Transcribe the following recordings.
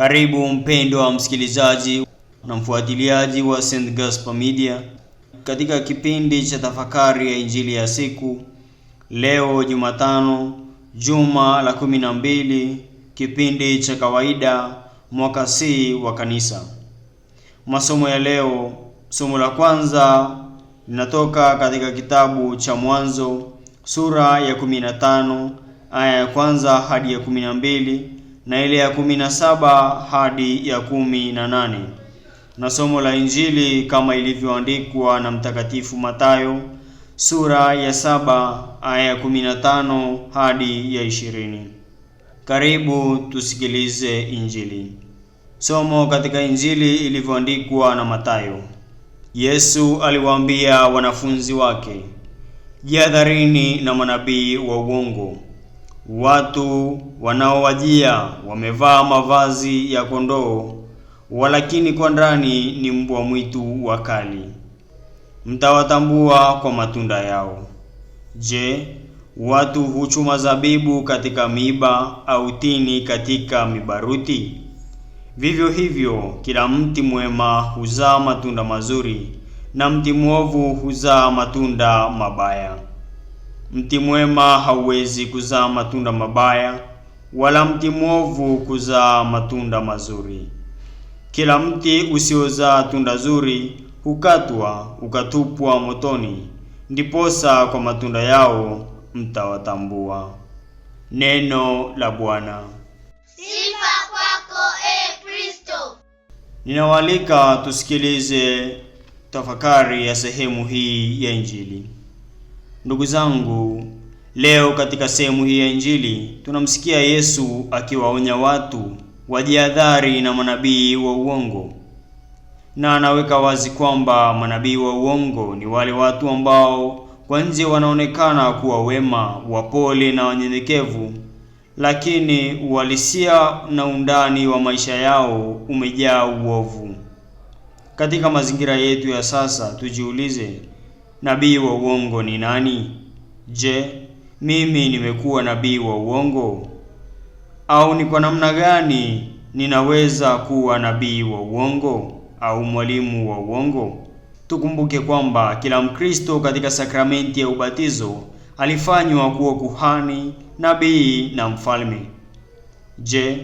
Karibu mpendwa msikilizaji na mfuatiliaji wa St. Gaspar Media katika kipindi cha tafakari ya injili ya siku leo Jumatano, juma la kumi na mbili, kipindi cha kawaida mwaka C wa kanisa. Masomo ya leo, somo la kwanza linatoka katika kitabu cha Mwanzo sura ya 15 aya ya kwanza hadi ya mbili na ile ya kumi na saba hadi ya kumi na nane na somo la Injili kama ilivyoandikwa na Mtakatifu Mathayo sura ya saba aya ya kumi na tano hadi ya ishirini. Karibu tusikilize Injili. Somo katika Injili ilivyoandikwa na Mathayo. Yesu aliwaambia wanafunzi wake, jihadharini na manabii wa uongo watu wanaowajia wamevaa mavazi ya kondoo, walakini kwa ndani ni mbwa mwitu wakali. Mtawatambua kwa matunda yao. Je, watu huchuma zabibu katika miiba au tini katika mibaruti? Vivyo hivyo kila mti mwema huzaa matunda mazuri na mti mwovu huzaa matunda mabaya. Mti mwema hauwezi kuzaa matunda mabaya, wala mti mwovu kuzaa matunda mazuri. Kila mti usiozaa tunda zuri hukatwa ukatupwa motoni, ndiposa kwa matunda yao mtawatambua. Neno la Bwana. Sifa kwako e Kristo. Ninawaalika tusikilize tafakari ya sehemu hii ya Injili. Ndugu zangu, leo katika sehemu hii ya Injili tunamsikia Yesu akiwaonya watu wajihadhari na manabii wa uongo, na anaweka wazi kwamba manabii wa uongo ni wale watu ambao kwa nje wanaonekana kuwa wema, wapole na wanyenyekevu, lakini uhalisia na undani wa maisha yao umejaa uovu. Katika mazingira yetu ya sasa, tujiulize nabii wa uongo ni nani? Je, mimi nimekuwa nabii wa uongo? Au ni kwa namna gani ninaweza kuwa nabii wa uongo au mwalimu wa uongo? Tukumbuke kwamba kila Mkristo katika sakramenti ya ubatizo alifanywa kuwa kuhani, nabii na mfalme. Je,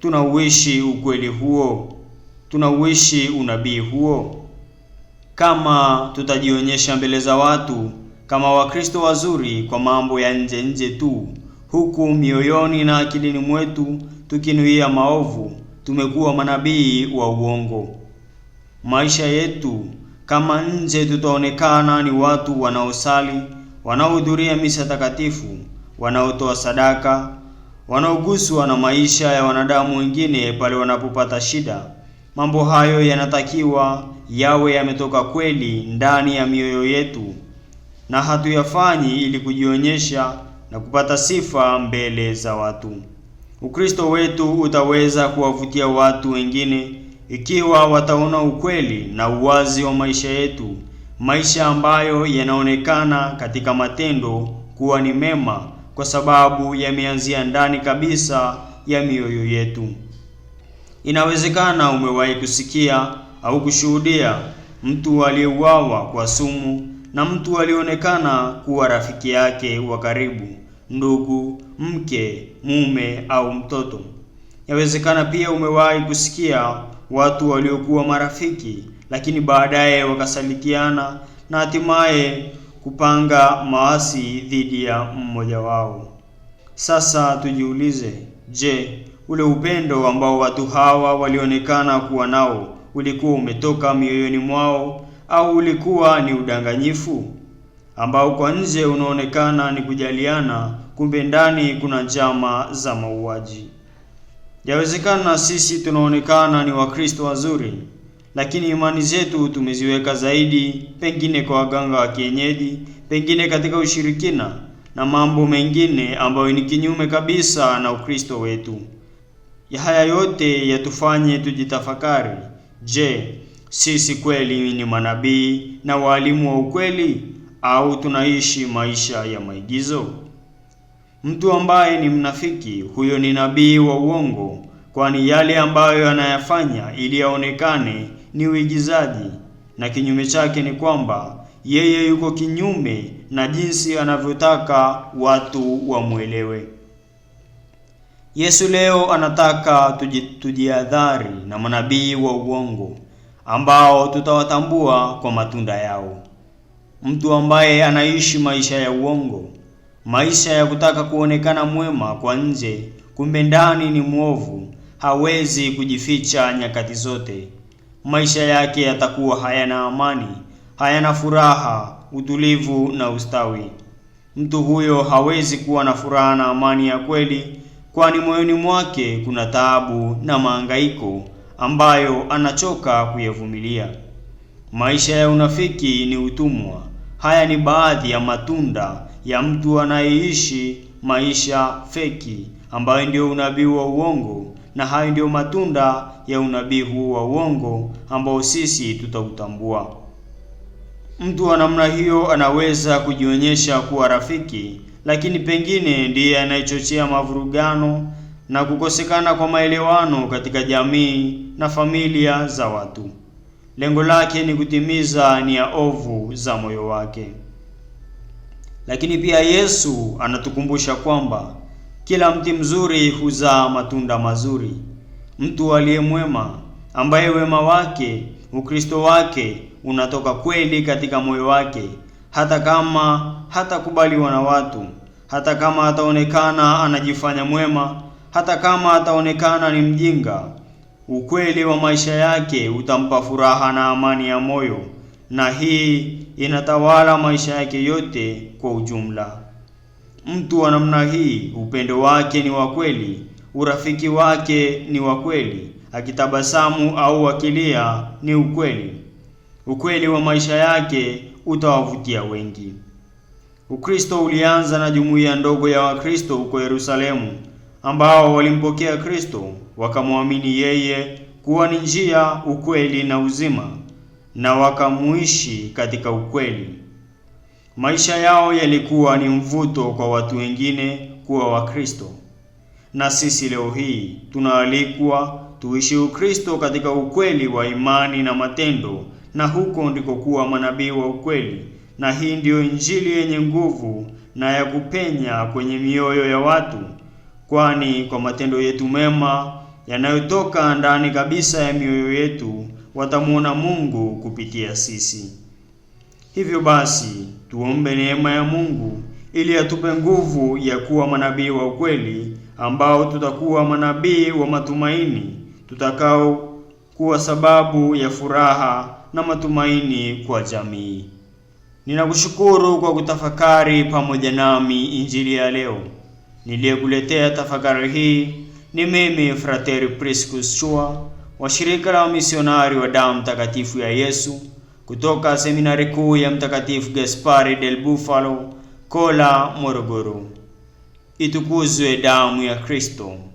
tunauishi ukweli huo? Tunauishi unabii huo? kama tutajionyesha mbele za watu kama Wakristo wazuri kwa mambo ya nje nje tu, huku mioyoni na akilini mwetu tukinuia maovu, tumekuwa manabii wa uongo. Maisha yetu kama nje, tutaonekana ni watu wanaosali, wanaohudhuria misa takatifu, wanaotoa sadaka, wanaoguswa na maisha ya wanadamu wengine pale wanapopata shida. Mambo hayo yanatakiwa yawe yametoka kweli ndani ya mioyo yetu na hatuyafanyi ili kujionyesha na kupata sifa mbele za watu. Ukristo wetu utaweza kuwavutia watu wengine ikiwa wataona ukweli na uwazi wa maisha yetu, maisha ambayo yanaonekana katika matendo kuwa ni mema kwa sababu yameanzia ndani kabisa ya mioyo yetu. Inawezekana umewahi kusikia au kushuhudia mtu aliyeuawa kwa sumu na mtu alionekana kuwa rafiki yake wa karibu, ndugu, mke, mume au mtoto. Yawezekana pia umewahi kusikia watu waliokuwa marafiki lakini baadaye wakasalikiana na hatimaye kupanga maasi dhidi ya mmoja wao. Sasa tujiulize, je, ule upendo ambao watu hawa walionekana kuwa nao ulikuwa umetoka mioyoni mwao au ulikuwa ni udanganyifu ambao kwa nje unaonekana ni kujaliana, kumbe ndani kuna njama za mauaji. Yawezekana sisi tunaonekana ni Wakristo wazuri, lakini imani zetu tumeziweka zaidi pengine kwa waganga wa kienyeji, pengine katika ushirikina na mambo mengine ambayo ni kinyume kabisa na Ukristo wetu. Haya yote yatufanye tujitafakari Je, sisi kweli ni manabii na waalimu wa ukweli au tunaishi maisha ya maigizo? Mtu ambaye ni mnafiki, huyo ni nabii wa uongo, kwani yale ambayo anayafanya ili aonekane ni uigizaji, na kinyume chake ni kwamba yeye yuko kinyume na jinsi anavyotaka watu wamwelewe. Yesu leo anataka tujiadhari na manabii wa uongo ambao tutawatambua kwa matunda yao. Mtu ambaye anaishi maisha ya uongo, maisha ya kutaka kuonekana mwema kwa nje, kumbe ndani ni mwovu, hawezi kujificha nyakati zote. Maisha yake yatakuwa hayana amani, hayana furaha, utulivu na ustawi. Mtu huyo hawezi kuwa na furaha na amani ya kweli kwani moyoni mwake kuna taabu na mahangaiko ambayo anachoka kuyavumilia. Maisha ya unafiki ni utumwa. Haya ni baadhi ya matunda ya mtu anayeishi maisha feki ambayo ndiyo unabii wa uongo, na hayo ndiyo matunda ya unabii huu wa uongo ambao sisi tutautambua. Mtu wa namna hiyo anaweza kujionyesha kuwa rafiki lakini pengine ndiye anayechochea mavurugano na kukosekana kwa maelewano katika jamii na familia za watu. Lengo lake ni kutimiza nia ovu za moyo wake. Lakini pia Yesu anatukumbusha kwamba kila mti mzuri huzaa matunda mazuri. Mtu aliye mwema ambaye wema wake, Ukristo wake unatoka kweli katika moyo wake hata kama hatakubaliwa na watu, hata kama ataonekana anajifanya mwema, hata kama ataonekana ni mjinga. Ukweli wa maisha yake utampa furaha na amani ya moyo, na hii inatawala maisha yake yote kwa ujumla. Mtu wa namna hii, upendo wake ni wa kweli, urafiki wake ni wa kweli, akitabasamu au akilia ni ukweli. Ukweli wa maisha yake utawavutia wengi. Ukristo ulianza na jumuiya ndogo ya Wakristo huko Yerusalemu ambao walimpokea Kristo wakamwamini yeye kuwa ni njia, ukweli na uzima, na wakamuishi katika ukweli. Maisha yao yalikuwa ni mvuto kwa watu wengine kuwa Wakristo. Na sisi leo hii tunaalikwa tuishi Ukristo katika ukweli wa imani na matendo na huko ndiko kuwa mwanabii wa ukweli. Na hii ndiyo Injili yenye nguvu na ya kupenya kwenye mioyo ya watu, kwani kwa matendo yetu mema yanayotoka ndani kabisa ya mioyo yetu watamuona Mungu kupitia sisi. Hivyo basi, tuombe neema ya Mungu ili atupe nguvu ya kuwa manabii wa ukweli, ambao tutakuwa manabii wa matumaini, tutakao kuwa sababu ya furaha na matumaini kwa jamii. Ninakushukuru kwa kutafakari pamoja nami injili ya leo. Niliyekuletea tafakari hii ni mimi Frateri Priscus Chua wa shirika la wamisionari wa damu mtakatifu ya Yesu kutoka seminari kuu ya Mtakatifu Gaspari del Bufalo, Kola, Morogoro. Itukuzwe damu ya Kristo!